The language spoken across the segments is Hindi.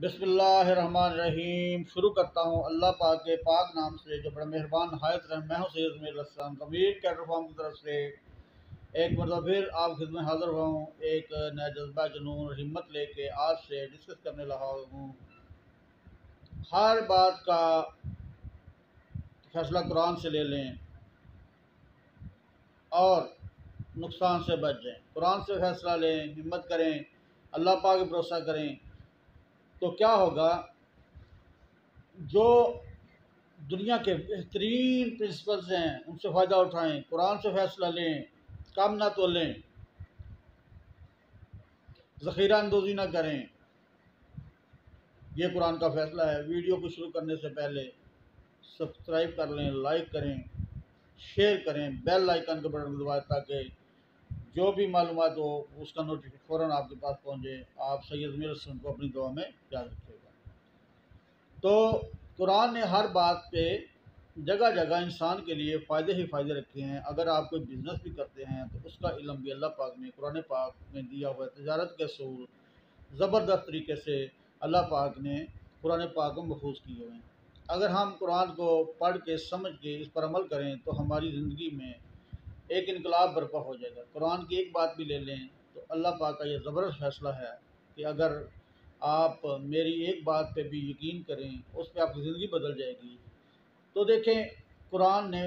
बिसमान रहीम शुरू करता हूँ अल्लाह पाक के पाक नाम से जो बड़ा मेहरबान हायत रहम मैं हूँ सैदम कैटर फॉर्म की तरफ से एक मतलब फिर आप खिद में हाज़िर हुआ हूँ एक नया जज्बा जुनून और हिम्मत लेके आज से डिस्कस करने लगा हूँ हर बात का फैसला कुरान से ले लें और नुकसान से बच जाएँ कुरान से फैसला लें हिम्मत करें अल्लाह पाक भरोसा करें तो क्या होगा जो दुनिया के बेहतरीन प्रिंसिपल्स हैं उनसे फ़ायदा उठाएं कुरान से फ़ैसला लें काम ना तो लें ज़ख़ीरा अंदोजी ना करें ये कुरान का फ़ैसला है वीडियो को शुरू करने से पहले सब्सक्राइब कर लें लाइक करें शेयर करें बेल आइकन के बटन दबाएं ताकि जो भी मालूम हो उसका नोटिफिक फ़ौर आपके पास पहुँचे आप सैयद मीर को अपनी दुआ में याद रखिएगा तो कुरान ने हर बात पे जगह जगह इंसान के लिए फ़ायदे ही फ़ायदे रखे हैं अगर आप कोई बिज़नेस भी करते हैं तो उसका इलम भी अल्लाह पाक ने कुरान पाक में दिया हुआ है तजारत के असूल ज़बरदस्त तरीके से अल्लाह पाक ने कुरान पाक को महफूज किए हुए हैं अगर हम कुरान को पढ़ के समझ के इस पर अमल करें तो हमारी ज़िंदगी में एक इनकलाब बर्पा हो जाएगा कुरान की एक बात भी ले लें तो अल्लाह पाक का यह ज़बरदस्त फैसला है कि अगर आप मेरी एक बात पे भी यकीन करें उस पर आपकी ज़िंदगी बदल जाएगी तो देखें कुरान ने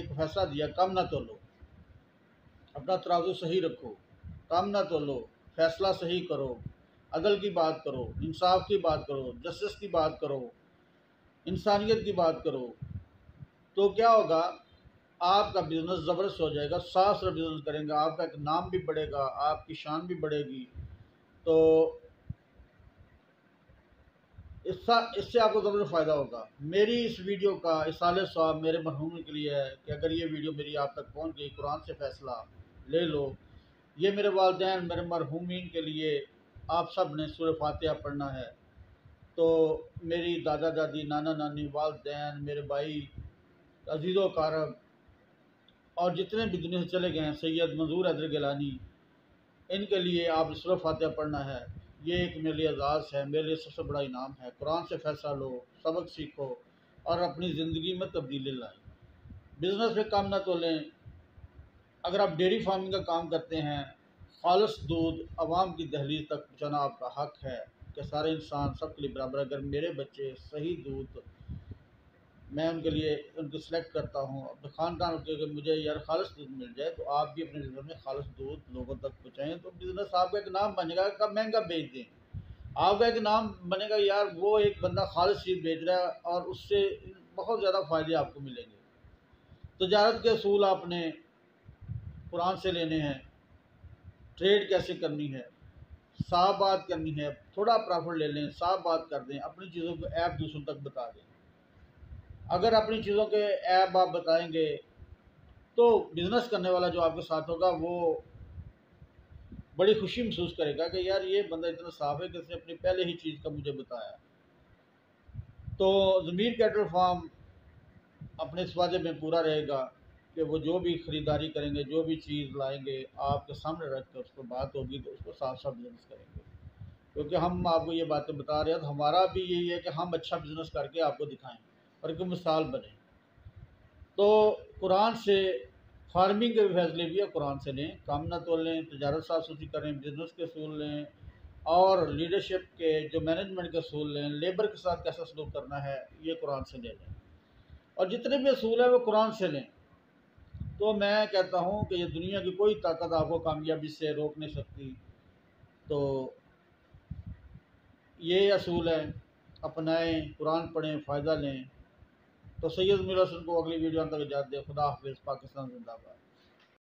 एक फैसला दिया कम ना तो लो अपना तराजू सही रखो कम ना तो लो फैसला सही करो अदल की बात करो इंसाफ की बात करो जस्टिस की बात करो इंसानियत की बात करो तो क्या होगा आपका बिज़नेस ज़बरदस्त हो जाएगा सास बिज़नेस करेंगे आपका एक नाम भी बढ़ेगा आपकी शान भी बढ़ेगी तो इससे इससे आपको ज़बरदस्त फ़ायदा होगा मेरी इस वीडियो का इस साल साहब मेरे मरहूम के लिए है कि अगर ये वीडियो मेरी आप तक पहुँच गई कुरान से फ़ैसला ले लो ये मेरे वालदेन मेरे मरहूमिन के लिए आप सब ने सूर्य फातह पढ़ना है तो मेरी दादा दादी नाना नानी वालदेन मेरे भाई अजीज़ कारब और जितने भी दुनिया से चले गए हैं सैयद मंजूर हैदर गिलानी इनके लिए आप सुर फातह पढ़ना है ये एक मेरे लिए एजाज़ है मेरे लिए सबसे बड़ा इनाम है कुरान से फैसला लो सबक सीखो और अपनी ज़िंदगी में तब्दीली लाएँ बिज़नेस में काम ना तो लें अगर आप डेयरी फार्मिंग का काम करते हैं खालस दूध आवाम की दहलीज तक पहुँचाना आपका हक है कि सारे इंसान सबके लिए बराबर अगर मेरे बच्चे सही दूध मैं उनके लिए उनको सिलेक्ट करता हूँ अपने ख़ानदान के अगर मुझे यार खालस दूध मिल जाए तो आप भी अपने बिजनेस में खालस दूध लोगों तक पहुँचाएँ तो बिज़नेस आपका एक नाम बनेगा कब महंगा बेच दें आपका एक नाम बनेगा यार वो एक बंदा खालस चीज़ बेच रहा है और उससे बहुत ज़्यादा फ़ायदे आपको मिलेंगे तजारत तो के असूल आपने कुरान से लेने हैं ट्रेड कैसे करनी है साफ बात करनी है थोड़ा प्रॉफिट ले लें साफ बात कर दें अपनी चीज़ों को ऐप दूसरों तक बता दें अगर अपनी चीज़ों के ऐप आप बताएंगे तो बिज़नेस करने वाला जो आपके साथ होगा वो बड़ी खुशी महसूस करेगा कि यार ये बंदा इतना साफ है कि उसने अपनी पहले ही चीज़ का मुझे बताया तो ज़मीर कैटल फार्म अपने इस वादे में पूरा रहेगा कि वो जो भी ख़रीदारी करेंगे जो भी चीज़ लाएंगे आपके सामने रख कर उसको बात होगी तो उसको साफ साफ बिजनेस करेंगे क्योंकि हम आपको ये बातें बता रहे हैं तो हमारा भी यही है कि हम अच्छा बिज़नेस करके आपको दिखाएंगे और एक मिसाल बने तो कुरान से फार्मिंग के भी फैसले भी है कुरान से लें काम न तो लें तजारत सुथरी करें बिजनेस के असूल लें और लीडरशिप के जो मैनेजमेंट के असूल लें लेबर के साथ कैसा सलूक करना है ये कुरान से ले लें और जितने भी असूल हैं वो कुरान से लें तो मैं कहता हूँ कि ये दुनिया की कोई ताकत आपको कामयाबी से रोक नहीं सकती तो ये असूल है अपनाएं कुरान पढ़ें फ़ायदा लें तो सैयद मिलस को अगली वीडियो अंत तक दे खुदा हाफिज़ पाकिस्तान जिंदाबाद